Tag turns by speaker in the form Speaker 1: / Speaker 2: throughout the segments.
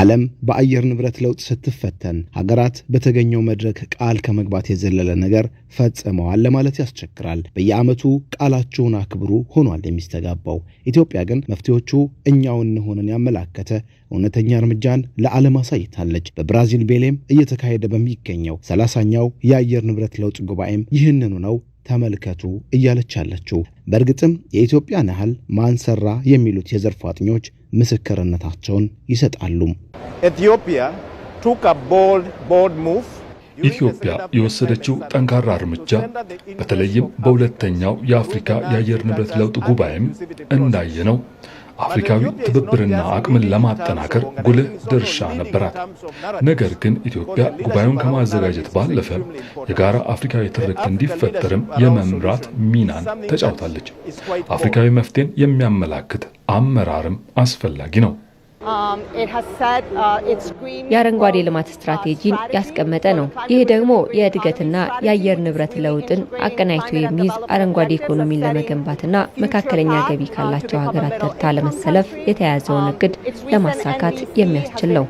Speaker 1: ዓለም በአየር ንብረት ለውጥ ስትፈተን ሀገራት በተገኘው መድረክ ቃል ከመግባት የዘለለ ነገር ፈጽመዋል ለማለት ያስቸግራል። በየዓመቱ ቃላችሁን አክብሩ ሆኗል የሚስተጋባው። ኢትዮጵያ ግን መፍትሄዎቹ እኛው እንሆንን ያመላከተ እውነተኛ እርምጃን ለዓለም አሳይታለች። በብራዚል ቤሌም እየተካሄደ በሚገኘው ሰላሳኛው የአየር ንብረት ለውጥ ጉባኤም ይህንኑ ነው ተመልከቱ እያለች ያለችው። በእርግጥም የኢትዮጵያን ያህል ማንሰራ የሚሉት የዘርፉ አጥኞች ምስክርነታቸውን ይሰጣሉ።
Speaker 2: ኢትዮጵያ የወሰደችው ጠንካራ እርምጃ በተለይም በሁለተኛው የአፍሪካ የአየር ንብረት ለውጥ ጉባኤም እንዳየነው አፍሪካዊ ትብብርና አቅምን ለማጠናከር ጉልህ ድርሻ ነበራት። ነገር ግን ኢትዮጵያ ጉባኤውን ከማዘጋጀት ባለፈ የጋራ አፍሪካዊ ትርክት እንዲፈጠርም የመምራት ሚናን ተጫውታለች። አፍሪካዊ መፍትሄን የሚያመላክት አመራርም አስፈላጊ ነው። Um,
Speaker 3: uh, የአረንጓዴ ልማት uh, ስትራቴጂን ያስቀመጠ ነው። ይህ ደግሞ የእድገትና የአየር ንብረት ለውጥን አቀናጅቶ የሚይዝ አረንጓዴ ኢኮኖሚን ለመገንባትና መካከለኛ ገቢ ካላቸው ሀገራት ተርታ ለመሰለፍ የተያያዘውን እቅድ ለማሳካት የሚያስችል ነው።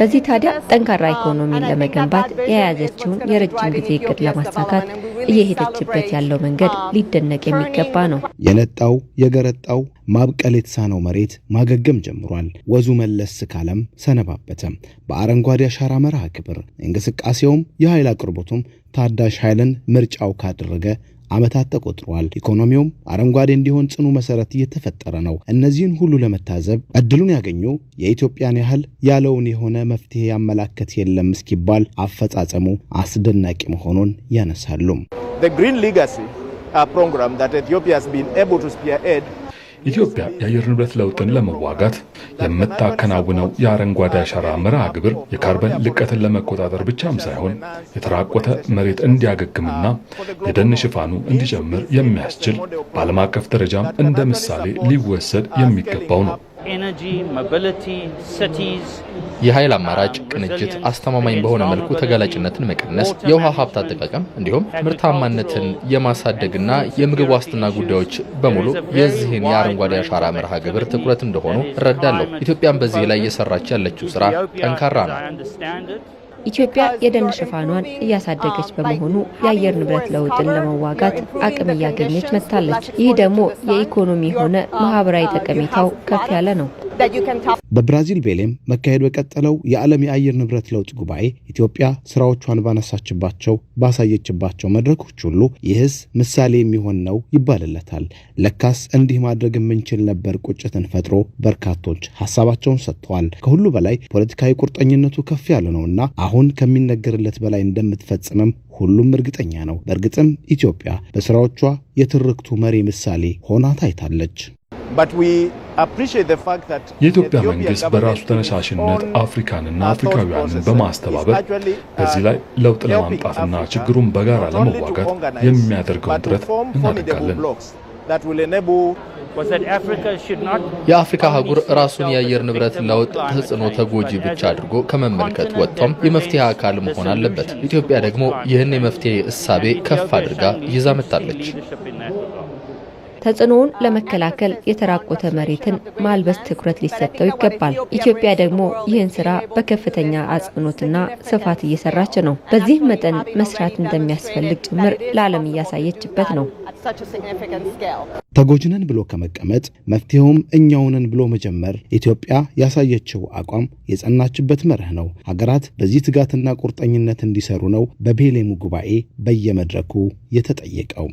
Speaker 3: በዚህ ታዲያ ጠንካራ ኢኮኖሚን ለመገንባት የያዘችውን የረጅም ጊዜ እቅድ ለማሳካት እየሄደችበት ያለው መንገድ ሊደነቅ የሚገባ ነው።
Speaker 4: የነጣው የገረጣው ማብቀል የተሳነው መሬት ማገገም ጀምሯል። ወዙ መለስ ካለም ሰነባበተም። በአረንጓዴ አሻራ መርሃ ግብር እንቅስቃሴውም የኃይል አቅርቦቱም ታዳሽ ኃይልን ምርጫው ካደረገ ዓመታት ተቆጥሯል። ኢኮኖሚውም አረንጓዴ እንዲሆን ጽኑ መሰረት እየተፈጠረ ነው። እነዚህን ሁሉ ለመታዘብ እድሉን ያገኙ የኢትዮጵያን ያህል ያለውን የሆነ መፍትሄ ያመላከት የለም እስኪባል አፈጻጸሙ አስደናቂ መሆኑን ያነሳሉ። ግሪን ሊጋሲ ፕሮግራም
Speaker 2: ኢትዮጵያ ስ Ethiopia has been ኢትዮጵያ የአየር ንብረት ለውጥን ለመዋጋት የምታከናውነው የአረንጓዴ አሻራ መርሃ ግብር የካርበን ልቀትን ለመቆጣጠር ብቻም ሳይሆን የተራቆተ መሬት እንዲያገግምና የደን ሽፋኑ እንዲጨምር የሚያስችል በዓለም አቀፍ ደረጃም እንደ ምሳሌ ሊወሰድ የሚገባው ነው።
Speaker 5: የኃይል አማራጭ um, ቅንጅት አስተማማኝ በሆነ መልኩ ተጋላጭነትን መቀነስ፣ የውሃ ሀብት አጠቃቀም እንዲሁም ምርታማነትን የማሳደግና የምግብ ዋስትና ጉዳዮች በሙሉ የዚህን የአረንጓዴ አሻራ መርሃ ግብር ትኩረት እንደሆኑ እረዳለሁ። ኢትዮጵያን በዚህ ላይ እየሰራች ያለችው ስራ ጠንካራ ነው።
Speaker 3: ኢትዮጵያ የደን ሽፋኗን እያሳደገች በመሆኑ የአየር ንብረት ለውጥን ለመዋጋት አቅም እያገኘች መጥታለች። ይህ ደግሞ የኢኮኖሚ ሆነ ማህበራዊ ጠቀሜታው ከፍ ያለ ነው።
Speaker 1: በብራዚል ቤሌም መካሄድ በቀጠለው የዓለም የአየር ንብረት ለውጥ ጉባኤ ኢትዮጵያ ስራዎቿን ባነሳችባቸው ባሳየችባቸው መድረኮች ሁሉ ይህስ ምሳሌ የሚሆን ነው ይባልለታል። ለካስ እንዲህ ማድረግ የምንችል ነበር ቁጭትን ፈጥሮ በርካቶች ሀሳባቸውን ሰጥተዋል። ከሁሉ በላይ ፖለቲካዊ ቁርጠኝነቱ ከፍ ያለ ነውና አሁን ከሚነገርለት በላይ እንደምትፈጽምም ሁሉም እርግጠኛ ነው። በእርግጥም ኢትዮጵያ በስራዎቿ የትርክቱ መሪ ምሳሌ ሆና ታይታለች።
Speaker 2: የኢትዮጵያ መንግስት በራሱ ተነሳሽነት አፍሪካንና አፍሪካውያንን በማስተባበር uh, በዚህ ላይ ለውጥ ለማምጣትና ችግሩን በጋራ ለመዋጋት የሚያደርገውን ጥረት እናደርጋለን።
Speaker 5: የአፍሪካ አህጉር ራሱን የአየር ንብረት ለውጥ ተጽዕኖ ተጎጂ ብቻ አድርጎ ከመመልከት ወጥቶም የመፍትሄ አካል መሆን አለበት። ኢትዮጵያ ደግሞ ይህን የመፍትሄ እሳቤ ከፍ አድርጋ ይዛ መጥታለች።
Speaker 3: ተጽዕኖውን ለመከላከል የተራቆተ መሬትን ማልበስ ትኩረት ሊሰጠው ይገባል። ኢትዮጵያ ደግሞ ይህን ስራ በከፍተኛ አጽንኦትና ስፋት እየሰራች ነው። በዚህ መጠን መስራት እንደሚያስፈልግ ጭምር ለዓለም እያሳየችበት ነው።
Speaker 1: ተጎጅነን ብሎ ከመቀመጥ መፍትሄውም እኛውንን ብሎ መጀመር ኢትዮጵያ ያሳየችው አቋም የጸናችበት መርህ ነው። ሀገራት በዚህ ትጋትና ቁርጠኝነት እንዲሰሩ ነው በቤሌሙ ጉባኤ በየመድረኩ የተጠየቀው።